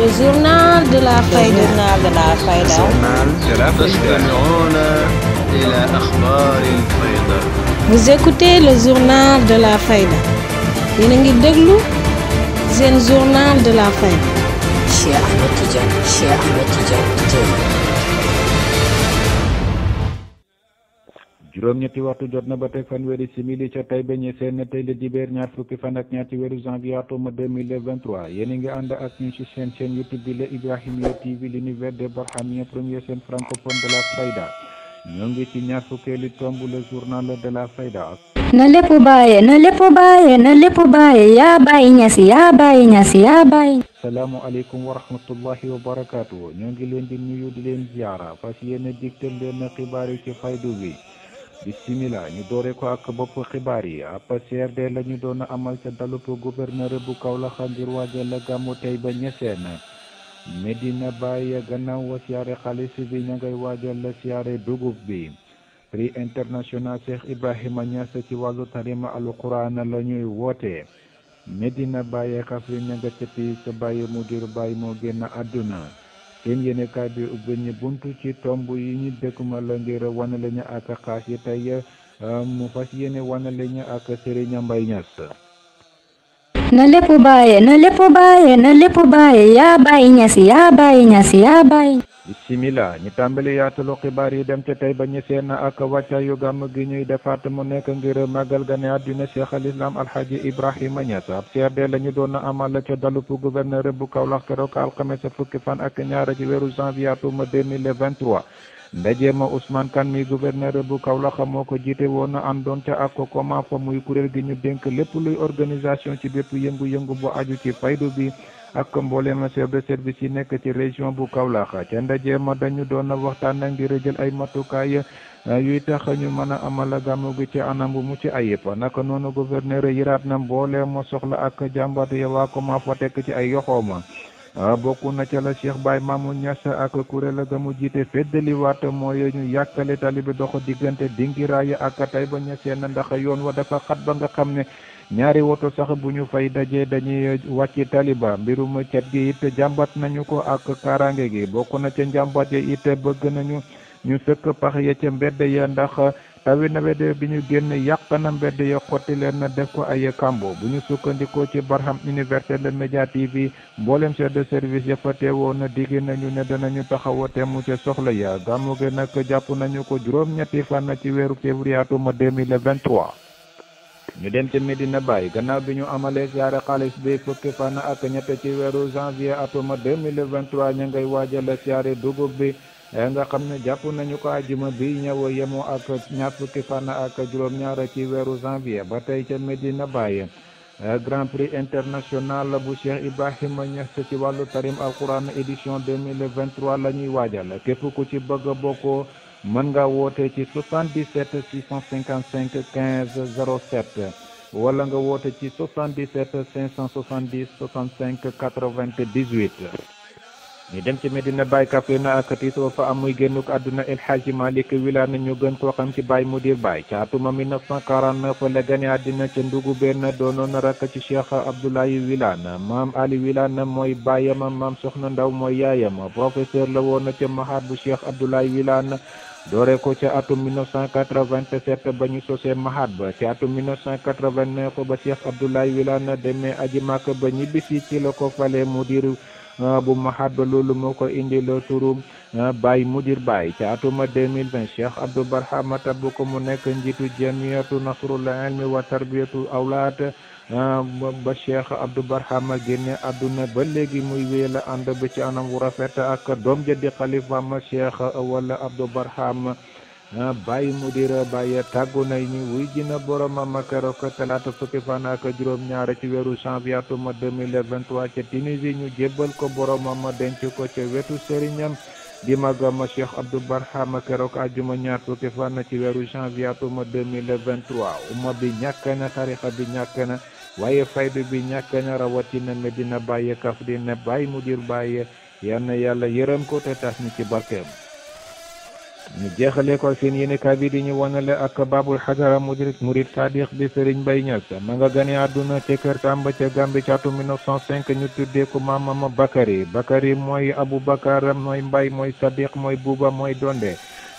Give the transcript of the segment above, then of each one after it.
Le journal de la Fayda. journal de la Fayda. journal de la Fayda. vous écoutez le journal de la Fayda. yéen a ngi déglu seen journal de la Fayda. Cheikh Ahmed Tidiane Cheikh Ahmed Tidiane juróom-ñetti waxtu jot na ba teg fanweeri simili ca tey beñe seen ne tey la dibeer ñaar fukki fan ak ñaar ci weeru janvier atum 2023 yéen a ngi ànd ak ñun ci seen chaîne youtube bi la Ibrahimya TV l'univers des barhamiens première chaîne francophone de la fayda ñoo ngi ci ñaar fukkeeli tomb le journal de la fayda na lépp bàyye na lépp bàyye na lépp bàyye yaa bàyyi ñasi yaa bàyyi ñasi yaa bàyyi salaamualeykum wa rahmatullahi wa barakaatu ñoo ngi leen di nuyu di leen ziara fas yéen a digtal leen xibaar yi ci faydu bi bisimila ñu doore ko ak bopp xibaar yi ab CRD la ñu doon amal ca dalub gouverneur bu Kaolack ngir waajal gàmmu tey ba ñeseen Medina Baye gannaaw wa siyaare xaalis bi ña ngay waajal siyaare dugub bi prix international Cheikh Ibrahima Niass ci wàllu tarima alquran la ñuy woote Medina Baye Kaffrine ña nga cëppi sa mu Mudir bàyyi moo génn àdduna lim yéene kaay bi ubbi ñu buntu ci tomb yi ñu dëkkuma la ngir wane lañu ak xaas yi tey ah, mu fas yéene wane lañu ak Serigne Mbaye Niass na lépp bàyyi na lépp bàyyi na lépp bàyyi yaa bàyyi ñas yaa bàyyi ñas yaa bàyyi bismillah ñu tàmbali yaatalu xibaar yi dem ca tey ba ñu seen ak wàccaayu gàmm gi ñuy defaat mu nekk ngir màggal gane àddina cheikh al islam alhaji ibrahima ñas ab CRD la ñu doon amal ca dalup gouverneur bu Kaolack keroog alxames fukki fan ak ñaar a ci weeru janvier vingt 2023 ndaje ma Ousmane Kane mi gouverneur bu Kaolack moo ko jiite woon na àndoon ca ak COMAF fa muy kuréel gi ñu dénk lépp luy organisation ci bépp yëngu-yëngu bu aju ci faydu bi ak mboolem chef de service yi nekk ci région bu Kaolack ca ndaje ma dañu doon waxtaan ngir jël ay matukaay eh, yuy tax ñu mën a amal gàmmu gi ci anam bu mucc ayib naka noonu gouverneur yiraat na mboolem soxla ak jàmbat ya waa COMAF fa tekk ci ay yoxooma Ah, bokk na ca la Cheikh Baye Mamou ñas ak kuréel ga mu jiite feddaliwaat mooy ñu yàkkale talibe dox diggante dingiraay ak ba Taïba na ndax yoon wa dafa xat ba nga xam ne ñaari woto sax bu ñu fay dajee dañuy wàcc taliba mbirum cet gi it jàmbat nañu ko ak kaaraange gi bokk na ca njàmbat yi it bëgg nañu ñu sëkk pax ya ca mbedd ya ndax tawi nawet bi ñu génn yàq na mbedd ya xotti leen na def ko ay kambo bu ñu sukkandikoo ci Barham Universel Media TV mboolem chef de service ya fa teewoon na digg nañu ne danañu taxawa temm ca soxla ya gàmmu gi nag jàpp nañu ko juróom-ñetti fan ci weeru février atum 2023 ñu dem ci Medina Baye gannaaw bi ñu amalee siyaare xaalis bi fukki fan ak ñett ci weeru janvier atum 2023 ñu ngay waajal siyaare dugub bi nga xam ne jàpp nañu ko àjjuma bi ñëw yemoo ak ñaar fukki fànn ak juróom-ñaar ci weeru janvier ba tey ca Medina Baye Grand Prix international bu Cheikh Ibrahima Niass ci wàllu tarim alquran édition 2023 la ñuy waajal képp ku ci bëgg bokkoo mën nga woote ci 77 655 15 07 wala nga woote ci 77 570 65 98 ñu dem ci Medina Baye Kaffrine akati soo fa am muy génnuk àdduna El Hadji Malick Wilane nañu gën koo xam ci Baye Mudir Baye ca atuma 1949 la gane àddina ca ndugu benn doonoon rakk ci Cheikh Abdoulaye Wilane maam Ali Wilane mooy baayam maam Soxna Ndaw mooy yaayam professeur la woon ca maxaat bu Cheikh Abdoulaye Wilane doore ko ca atum 1987 ba ñu sosee mahaat ba ci atum ba Cheikh Abdoulaye Wilane demee aji màkk ba ñibbisi ci la ko fale mu Ah, bu maxaat ba loolu moo ko indi la turu ah, Baye Mudir Baye ci atuma 2020 Cheikh Abdou Barhama tab ko mu nekk njiitu jamiyatu nasrul ilmi wa tarbiyatu awlaat ah, ba Cheikh Abdou Barhama génne àdduna ba léegi muy wéy la ànd ba ci anam wu rafet ak doom ja di xalifaam Cheikh wala Abdou Barhama bàyyi mu dira bàyyi tàggu nay ñi wuy ji na boroma makaro ko talaata fukki fan ak juróom ñaara ci weeru janvier atuma 2023 ca Tunisie ñu jébbal ko boroma a denc ko ca wetu sëriñam di magama Cheikh Abdou a keroog àjjuma ñaar fukki fan ci weeru janvier atuma 2023 umma bi ñàkk na tarixa bi ñàkk na waaye faydu bi ñàkk na rawatina Medina Baye Kaffrine Baye Mudir Baye yal na yàlla yërëm ko te tas ni ci barkeem ñu jeexalee ko seen yéenekaay bi di ñu wanale ak babul xadara mudirit murit sadiq bi sëriñ Mbaye Niass ma nga gane àdduna ca kër Tamba ca Gambie caatu atum 1905 ñu tuddee ko maamam Bakary Bakary mooy abu Aboubacar mooy mbay mooy sadiq mooy Bouba mooy Donde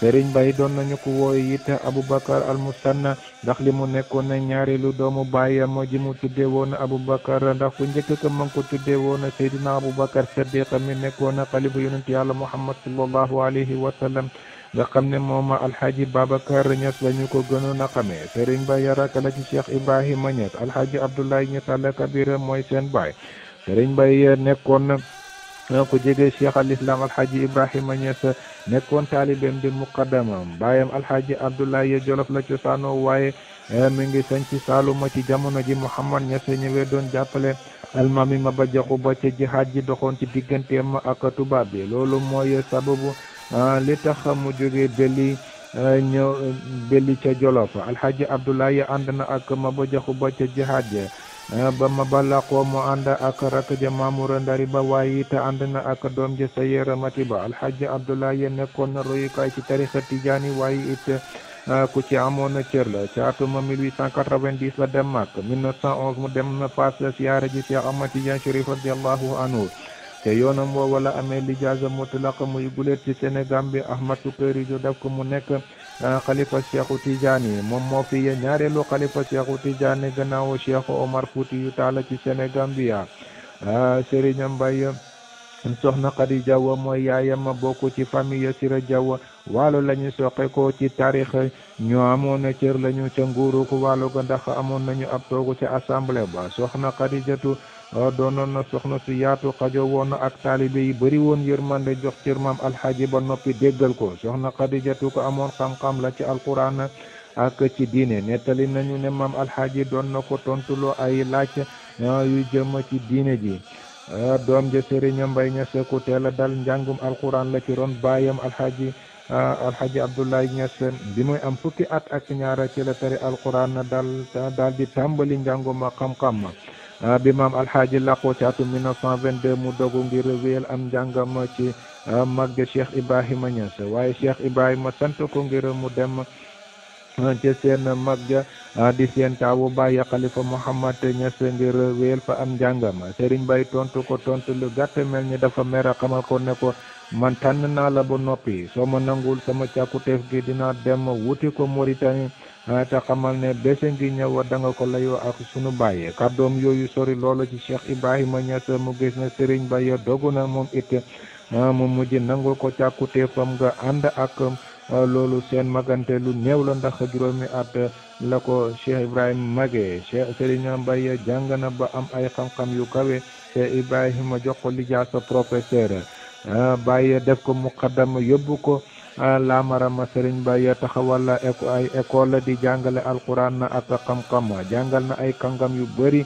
Serigne Mbaye doon nañu ko wooye it Aboubacar almusanna ndax li mu nekkoon ñaareelu doomu moo ji mu tuddee woon Aboubacar ndax bu njëkk ka ma ko tuddee woon Seydina Aboubacar Sadiq mi nekkoon xalifa yonent yàlla Muhammad sallallahu alayhi wa sallam nga xam ne mooma alxaaji Babacar Niass la ñu ko gënoon a xamee sëriñ ba yaraka la ci Cheikh Ibrahima Niass alxaaji Abdoulaye Niass Alla Kabira mooy seen baay sëriñ bay nekkoon na ko jege Cheikh al Islam alxaaji Ibrahima Niass nekkoon taalibeem di muqaddamam baayam alxaaji Abdoulaye Jolof la cosaanoo waaye eh, mi ngi sañ ci Saaluma ci jamono ji Mouhamad Niass ñëwee doon jàppale almaami Maba Jaxu Ba ca jihaad ji doxoon ci digganteem ak tubaab bi loolu mooy sababu Ah, li tax mu jógee Deli ah, ñëw Deli ca Jolof alxaaji Abdoulaye ànd na ak Maba Jaxu Ba ca jihaad ja ah, ba Maba laqoo mu ànd ak rakk ja Maamura Ndari Ba waaye it ànd na ak doom ja Sayera Mati Ba alxaaji Abdoulaye nekkoon na royukaay ci tarixa tijaani waaye it ku ci amoon na cër la ci atuma 1890 la dem Makka 1911 mu dem Fass siyaare ji Cheikh Ahmad Tidiane Chérif radiyallahu anhu te yoonam woowa la amee lijaasa mutlaqa muy guleet ci Sénégal bi Ahmad Sukayri ju def ko mu nekk euh, xalifa Cheikhu yi moom moo fi ñaareelu xalifa Cheikhu Tidiane gannaaw Cheikhu Omar Foutiyou Tall ci Sénégal bi yaa euh, Serigne Mbaye soxna Khady Diaw mooy yaayam bokk ci famille Sira Diaw waalo lañu soqe ko ci taarix ñoo amoon cër lañu ca nguuru ko waalo ga ndax amoon nañu ab toogu ci assemblée ba soxna Khadijatu Oh, doonoon na soxna su yaatu xajo woon na ak taalibe yi bëri woon yërmande jox cër maam alxaaji ba noppi déggal ko soxna xadijatu ko amoon xam-xam la ci alquran ak ci diine nettali nañu ne maam alxaaji doon na ko tontuloo ay laaj ah, yu jëm ci diine ji ah, doom ja sëriñ mbay ñas ku teel a dal njàngum alquran la ci ron baayam alxaaji ah, alxaaji abdoulaye ñas bi muy am fukki at ak ñaara ci la tari dal daal di tàmbali njànguma xam-xam Ah, bi maam alxaaji làqu ci atum 1922 mu dogu ngir wéyal am njàngam ci ah, mag Cheikh Ibrahima Niass waaye Cheikh Ibrahima sant ko ngir mu dem ah, ci seen mag ja di seen taawu bàyyi xalifa Mouhamad Niass ngir wéyal fa am njàngam Serigne Baye tontu ko tontu lu gàtt mel ni dafa mer xamal ko ne ko man tànn naa la ba noppi soo ma nangul sama càkkuteef gi dina dem wuti ko Mauritanie te xamal ne bese ngi ñëw da nga ko layoo ak sunu bàyyee kàddoom yooyu sori loola ci Cheikh Ibrahima Niass mu gis na Serigne Ba ya dogu na moom it mu mujj nangul ko càkkuteefam nga ànd ak loolu seen magante lu néew la ndax juróomi at la ko Cheikh Ibrahima magee Cheikh Serigne Ba ya jàng na ba am ay xam-xam yu kawe Cheikh Ibrahima jox ko lijaasa professeur Baye def ko muqaddam yóbbu ko. laamarama sëriñ ba ya taxawal la ay école di jàngale alxuraan na ak xam-xam jàngal na ay kàngam yu bari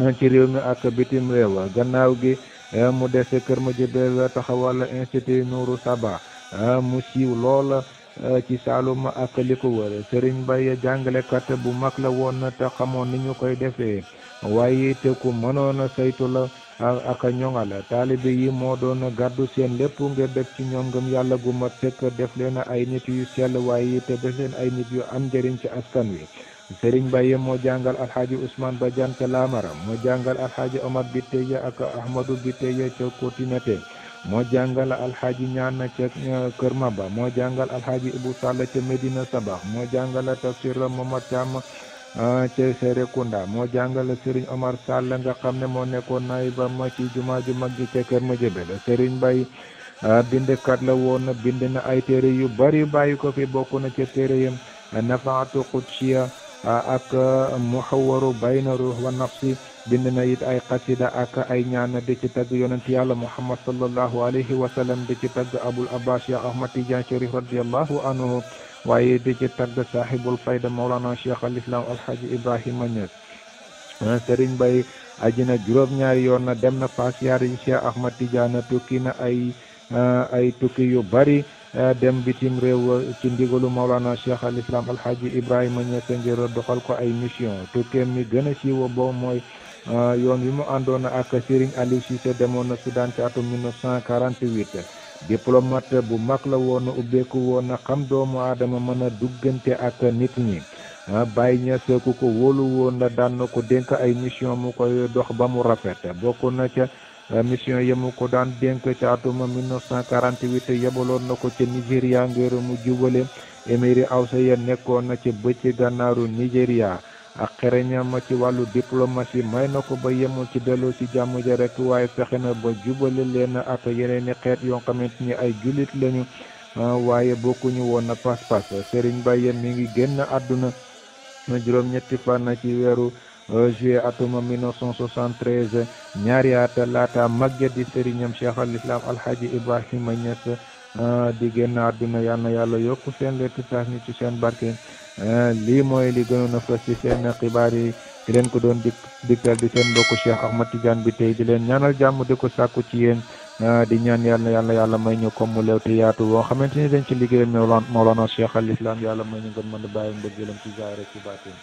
eh, ci réew mi ak bitim réew gannaaw gi eh, mu dese kër ma jëbel taxawal la institut Nourou Saba eh, mu siiw loola ci Saalum ak li ko wër sëriñ ba ya jàngalekat bu mag la woon te xamoon ni ñu koy defee waaye te ku mënoon saytu la ak ñoŋal taalibe yi moo doon gàddu seen lépp ngir def ci ñoom ngëm yàlla gu mat sëkk def leen ay nit yu sell waaye te def leen ay nit yu am njëriñ ci askan wi ba Baye moo jàngal alxaaji usmaan Badiane ca Laamara moo jàngal alxaaji Omar Biteya ak Ahmadou Biteya ca Kotinete moo jàngal alxaaji Ñaan ca euh, Kër Maba moo jàngal alxaaji Ibou Sall ca Medina Sabax moo jàngal tafsir Momar Thiam Ah, ci Serekunda moo jàngale Serigne Omar Sall nga xam ne moo nekkoon naayibam ma ci jumaa ju mag ji ca Kër Madiabel Serigne Mbaye ah, bindkat la woon bind na ay téere yu bari bàyyi ko fi bokk na ca téere yam nafaatu qudsiya ah, ak mu muhawaru bayna ruux wa nafsi bind na it ay xasida ak ay ñaan di ci tagg yonent yàlla muhammad sallallahu alayhi wa sallam di ci tagg abu abbas ya ahmad tijaan sharif radiallahu anhu waaye di ci tagg saaxibul fayda mawlana cheikh al islam alxaaji ibrahima Niass sëriñ bay aji na juróom-ñaari yoon na dem na fas yaar yi cheikh ahmad tidiane tukki na ay eh, ay tukki yu bari eh, dem bitim réew ci ndigalu mawlana cheikh al islam alxaaji ibrahima Niass ngir doxal ko ay mission tukkeem mi gën a siiwa boobu mooy eh, yoon wi mu àndoon ak sëriñ Aliou Cissé demoon na Soudan ci atum 1948 diplomate bu mag la woon ubbeeku woon na xam doomu aadama mën a duggante ak nit ñi Baye Niass ku ko wóolu woon na daan na ko dénk ay mission mu koy dox ba mu rafet bokk na ca mission ya mu ko daan dénk ca atum 1948 yebaloon na ko ca Nigéria ngir mu jubale émiru Hausa ya nekkoon na ca bëj gànnaaru Nigéria ak xereñam ci wàllu diplomatie may na ko ba yemul ci delloo ci jàmm ja rek waaye fexe na ba jubale leen ak yeneeni xeet yoo xamante ni ay jullit lañu ah, waaye bokkuñu woon na pas-pas Serigne Baye mi ngi génn àdduna juróom-ñetti fan ci weeru ah, juillet atuma 1973 ñaari at laata magge di sëriñam Cheikh al Islam Alhaji Ibrahima Niass ah, di génn àdduna yal yàlla yokk seen letti taas ni ci seen barke Eh, lii mooy li gënoon na fës ci seen xibaar yi di leen ko doon dik dikkal di seen mbokku Cheikh Ahmad Tidiane bi tey di leen ñaanal jàmm di ko sàkku ci yéen eh, di ñaan yàlla yàlla yàlla may ñu ko mu leew te yaatu boo xamante ni dañ ci liggéeyal Mawlana Cheikh al Islam yàlla may ñu gën mën a bàyyi mbëggeelam ci zaahir ci baatin